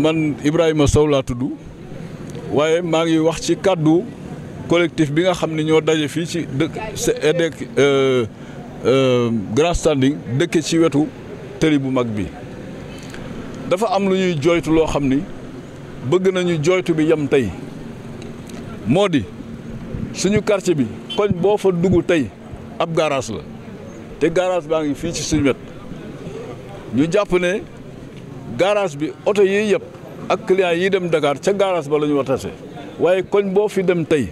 man Ibrahima Sow laa tudd waaye maa ngi wax ci kàddu collectif bi nga xam ne ñoo daje fii ci dëkk EDEC eh, eh, eh, Grand Standing dëkke ci wetu tëli bu mag bi dafa am lu ñuy jooytu loo xam ni bëgg nañu jooytu bi yem tey moo di suñu quartier bi koñ boo fa dugg tey ab garage la te garage baa ngi fii ci suñu wet ñu jàpp ne garage bi oto yi yëpp ak client yi dem Dakar ca garage ba la ñu war waaye koñ boo fi dem tey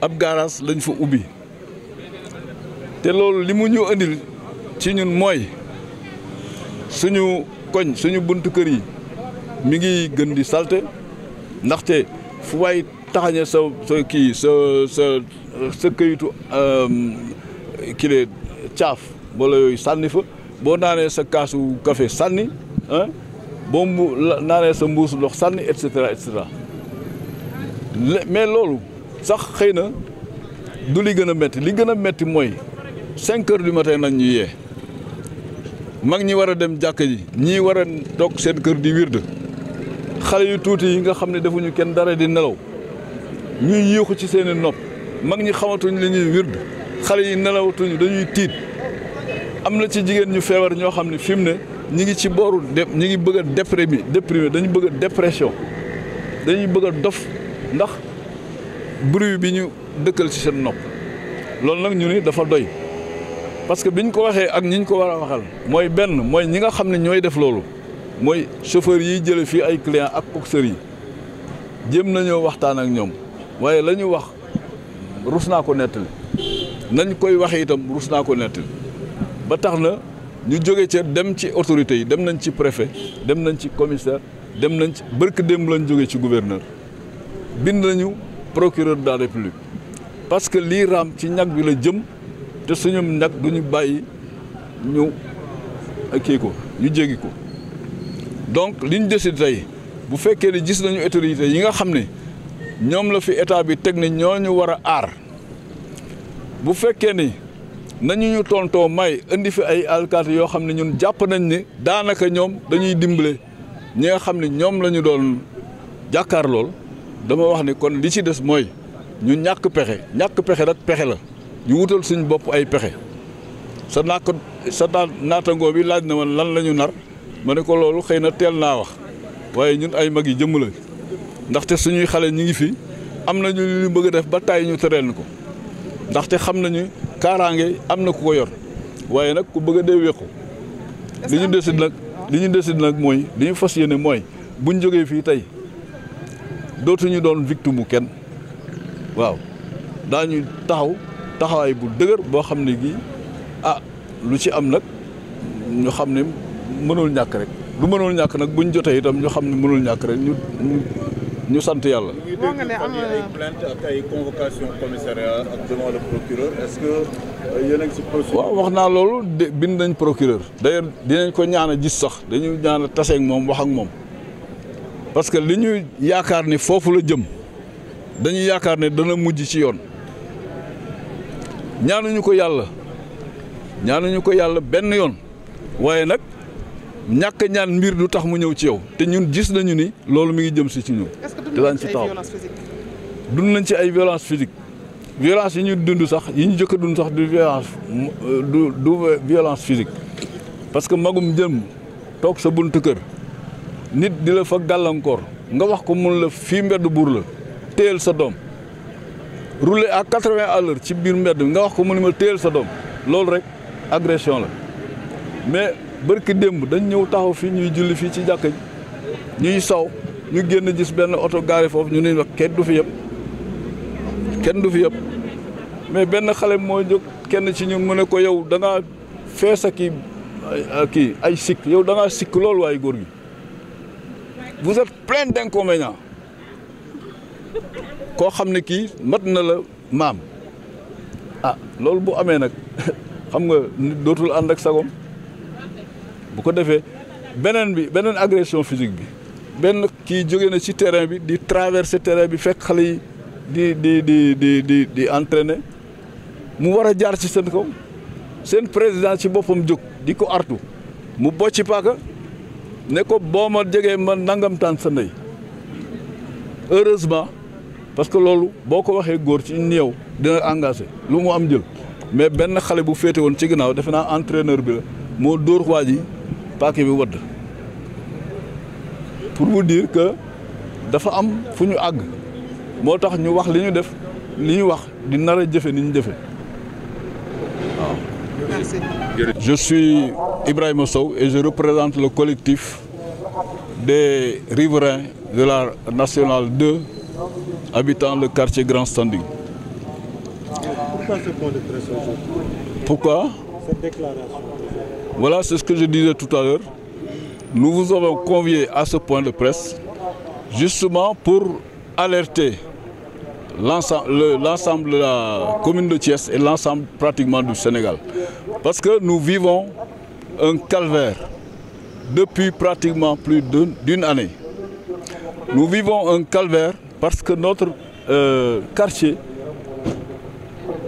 ab garage lañ fa ubbi te loolu li mu ñu indil ci ñun mooy suñu koñ suñu buntu kër yi mu ngi gën di salte ndaxte fu waay taxañe sa sa kii sa sa sa këyitu kile caaf wala yooyu sànni fa boo naanee sa kaasu café sànni ah, boo mu naanee sa mbuusu ndox sànni et cetera et mais loolu sax xëy na du li gën a métti li gën a métti mooy cinq heures du matin nañ ñu yee mag ñi war a dem jàkk ji ñi war a toog seen kër di wirde xale yu tuuti yi nga xam ne defuñu kenn dara di nelaw ñuy yéexu ci seeni nopp mag ñi xamatuñ li ñuy wirde xale yi nelawatuñu dañuy tiit am na ci jigéen ñu feebar ñoo xam ne fi mu ne ñi ngi ci booru de ñi ngi bëgg a déprimé déprimé dañu bëgg a dépression dañuy bëgg a dof ndax bruit bi ñu dëkkal ci seen nopp loolu nag ñu ni dafa doy parce que bi ñu ko waxee ak ñi ñu ko war a waxeel mooy benn mooy ñi nga xam ne ñooy def loolu mooy chauffeur yiy jële fii ay client ak coxeur yi jéem nañoo waxtaan ak ñoom waaye la wax rus naa ko nettali nañ koy waxee itam rus naa ko nettali ñu jóge ca dem ci autorités yi dem nañ ci préfet dem nañ ci commissaire dem nañ ci bërk démb lañ jóge ci gouverneur bind nañu procureur de la république parce que lii raam ci ñag bi la jëm te suñu nag du ñu bàyyi ñu kii ko ñu jéggi ko donc li ñu décidé tey bu fekkee ne gis nañu autorités yi nga xam ne ñoom la fi état bi teg ne ñoo ñu war a aar bu fekkee ni nañu ñu tontoo may indi fi ay alkaati yoo xam ne ñun jàpp nañ ne daanaka ñoom dañuy dimbale ñi nga xam ne ñoom lañu doon jàkkaar lool dama wax ni kon li ci des mooy ñu ñàkk pexe ñàkk pexe rek pexe la ñu wutal suñu bopp ay pexe sa naako sa naatangoo bi laaj na ma lan la ñu nar ma ne ko loolu xëy na teel naa wax waaye ñun ay mag yi jëmm la ndaxte suñuy xale ñi ngi fi am nañu lu ñu bëgg a def ba tàyyi ñu tereel ko ndaxte xam nañu. kaaraange am na ku ko yor waaye nag ku bëgg a dee wéqu li ñu décide nag li ñu décide nag mooy li ñu fas yéene mooy buñ jógee fii tey dootuñu doon victime kenn waaw daañu taxaw taxawaay bu dëgër boo xam ne gii a ah, lu ci am nag ñu xam ne mënul ñàkk rek lu mënul ñàkk nag bu ñu jotee itam ñu xam ni mënul ñàkk rek ñu ñu sant yàlla. moo ak ay convocation commissariat ak que euh, yéen waaw wax naa loolu de bind nañ procureur d'ailleurs dinañ ko ñaan a gis sax dañu ñaan a tase ak moom wax ak moom parce que li ñu yaakaar ni foofu la jëm dañu yaakaar ne dana mujj ci yoon ñaanuñu ko yàlla ñaanuñu ko yàlla benn yoon waaye nag. ñàkk ñaan mbir du tax mu ñëw ci yow te ñun gis nañu ni loolu mu ngi jëm si ci ñun danañ ci taxaw dund nañ ci ay violence physique violence yi ñuy dund sax yi ñu jëkk a dund sax du violence du du violence physique parce que magum jëm toog sa bunt kër nit di la fa gàllankoor nga wax ko mun la fii mbedd buur la téyel sa doom rouler à quatre-vingts à ci biir mbedd bi nga wax ko mu ne ma téyel sa doom loolu rek agression la mais barki démb dañ ñëw taxaw fii ñuy julli fii ci jàkka ñuy saw ñu génn gis benn oto gaari foofu ñu ne wax kenn du fi yëpp kenn du fi yëpp mais benn xale moo jóg kenn ci ñun mu ne ko yow da ngaa fees ak kii kii ay sikk yow da ngaa sikk loolu waay góor gi bu êtes plein d'inconvénients koo xam ne kii mat na la maam ah loolu bu amee nag xam nga nit dootul ànd ak sagom bu ko defee beneen bi beneen agression physique bi benn kii jóge na ci terrain bi di traverser terrain bi fekk xale yi di di di di di di entraîner mu war a jaar ci seen ko seen président ci boppam jóg di ko artu mu boo ci paaka ne ko boo ma jegee ma nangam taan sa ndey heureusement parce que loolu boo ko waxee góor ci néew dina engagé lu mu am jël mais benn xale bu féete woon ci ginnaaw defe naa entraîneur bi la moo dóor waa ji paaka bi wadd pour mu dire que dafa am fu ñu àgg moo tax ñu wax li ñu def li ñu wax di nara a jëfe ni ñu jëfe Je suis Ibrahima Sow et je représente le collectif des riverains de la Nationale 2 habitant le quartier Grand Standing. Pourquoi ce point de presse aujourd'hui? c'est ce que je disais tout à l'heure nous vous avons convié à ce point de presse justement pour alerter l'ensemble de la commune de Thiès et l'ensemble pratiquement du Sénégal. Parce que nous vivons un calvaire depuis pratiquement plus d'une année. Nous vivons un calvaire parce que notre euh, quartier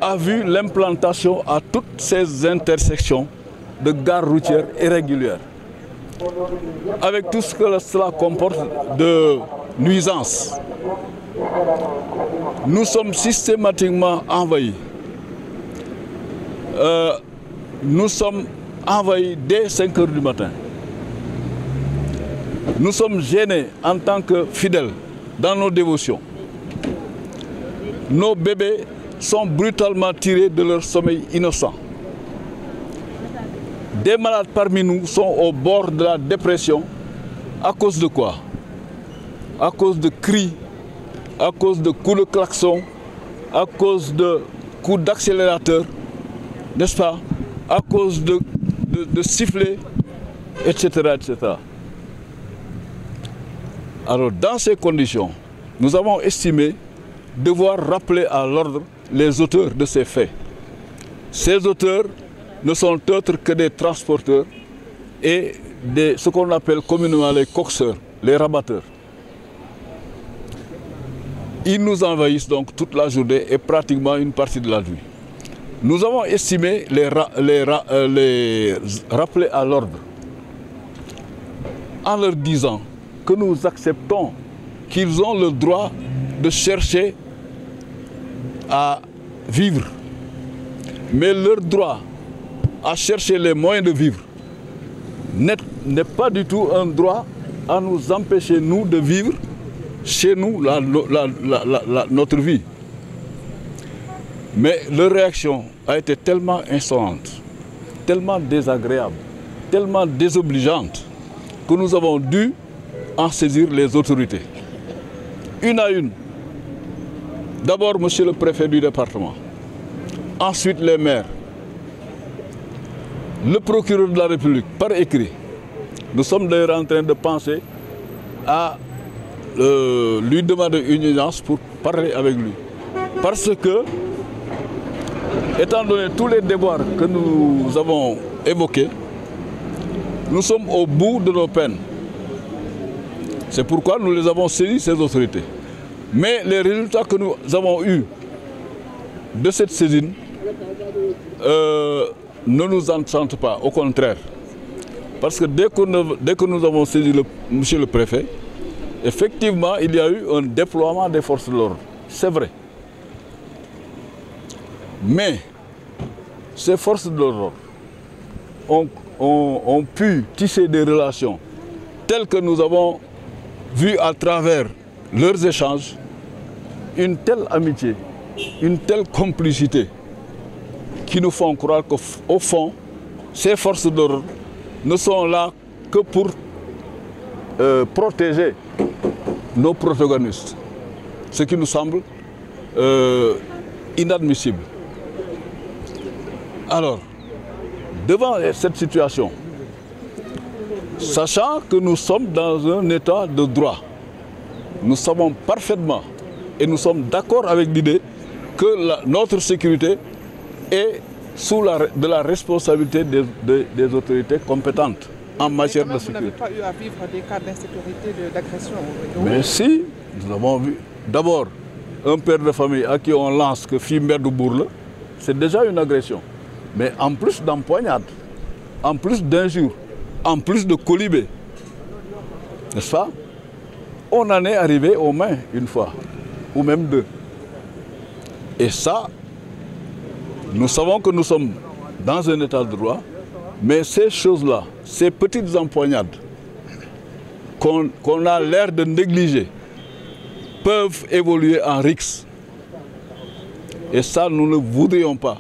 a vu l'implantation à toutes ces intersections de gares routières irrégulières. avec tout ce que cela comporte de nuisances. Nous sommes systématiquement envahis. Euh, nous sommes envahis dès 5 heures du matin. Nous sommes gênés en tant que fidèles dans nos dévotions. Nos bébés sont brutalement tirés de leur sommeil innocent. Des malades parmi nous sont au bord de la dépression. À cause de quoi À de cris, à cause de coups de à cause de coups d'accélérateur, n'est-ce pas À cause de, de, de sifflets, etc., etc. Alors, dans ces conditions, nous avons estimé devoir rappeler à l'ordre les auteurs de ces faits. Ces auteurs ne sont autres que des transporteurs et des, ce qu'on appelle communément les coxeurs, les rabatteurs. Ils nous envahissent donc toute la journée et pratiquement une partie de la nuit. Nous avons estimé les, ra, les, ra, euh, les rappeler à l'ordre en leur disant que nous acceptons qu'ils ont le droit de chercher à vivre. Mais leur droit à chercher les moyens de vivre n'est pas du tout un droit à nous empêcher, nous, de vivre chez nous la, la, la, notre vie. Mais leur réaction a été tellement insolente, tellement désagréable, tellement désobligeante que nous avons dû en saisir les autorités. Une à une. D'abord, monsieur le préfet du département. Ensuite, les maires. le procureur de la République, par écrit, nous sommes d'ailleurs en train de penser à euh, lui demander une audience pour parler avec lui. Parce que, étant donné tous les déboires que nous avons évoqués, nous sommes au bout de nos peines. C'est pourquoi nous les avons saisis, ces autorités. Mais les résultats que nous avons eus de cette saisine, euh, ne nous enchante pas, au contraire. Parce que dès que nous, dès que nous avons saisi le, monsieur le préfet, effectivement, il y a eu un déploiement des forces de l'ordre. C'est vrai. Mais ces forces de l'ordre ont, ont, ont pu tisser des relations telles que nous avons vu à travers leurs échanges une telle amitié, une telle complicité qui nous font croire qu'au fond, ces forces d'ordre ne sont là que pour euh, protéger nos protagonistes, ce qui nous semble euh, inadmissible. Alors, devant cette situation, sachant que nous sommes dans un état de droit, nous savons parfaitement et nous sommes d'accord avec l'idée que la, notre sécurité et sous la de la responsabilité des, des, des autorités compétentes en matière de sécurité. Vous n'avez pas eu à Mais si, nous avons vu. D'abord, un père de famille à qui on lance que fille mère de bourle, c'est déjà une agression. Mais en plus d'empoignade, en plus d'injures, en plus de colibé, n'est-ce pas On en est arrivé aux mains une fois, ou même deux. Et ça, Nous savons que nous sommes dans un état de droit, mais ces choses-là, ces petites empoignades qu'on qu a l'air de négliger, peuvent évoluer en rix. Et ça, nous ne voudrions pas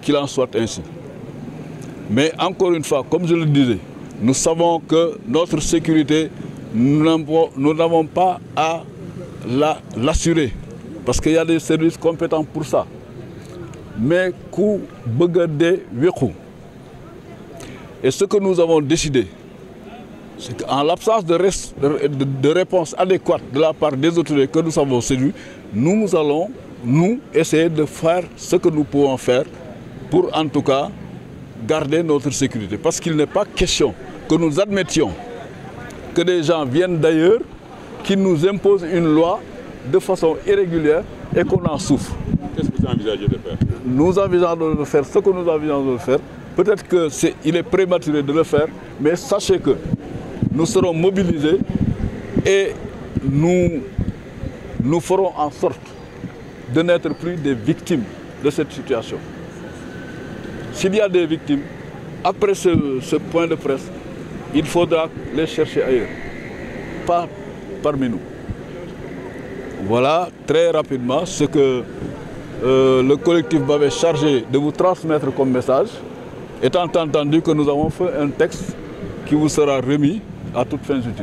qu'il en soit ainsi. Mais encore une fois, comme je le disais, nous savons que notre sécurité, nous n'avons pas à l'assurer, la, parce qu'il y a des services compétents pour ça. mais ku bëgg a dee wéqu et ce que nous avons décidé c'est qu'en l'absence de, de, de réponse adéquate de la part des autorités que nous avons séduit nous allons nous essayer de faire ce que nous pouvons faire pour en tout cas garder notre sécurité parce qu'il n'est pas question que nous admettions que des gens viennent d'ailleurs qui nous imposent une loi de façon irrégulière et qu'on en souffre. Qu'est-ce que vous envisagez de faire Nous envisageons de faire ce que nous envisageons de faire. Peut-être qu'il est, est prématuré de le faire, mais sachez que nous serons mobilisés et nous, ferons en sorte de n'être plus des victimes de cette situation. S'il y a des victimes, après ce, point de presse, il faudra les chercher ailleurs, pas parmi nous. Voilà très rapidement ce que euh, le collectif m'avait chargé de vous transmettre comme message, étant entendu que nous avons fait un texte qui vous sera remis à toute fin utile.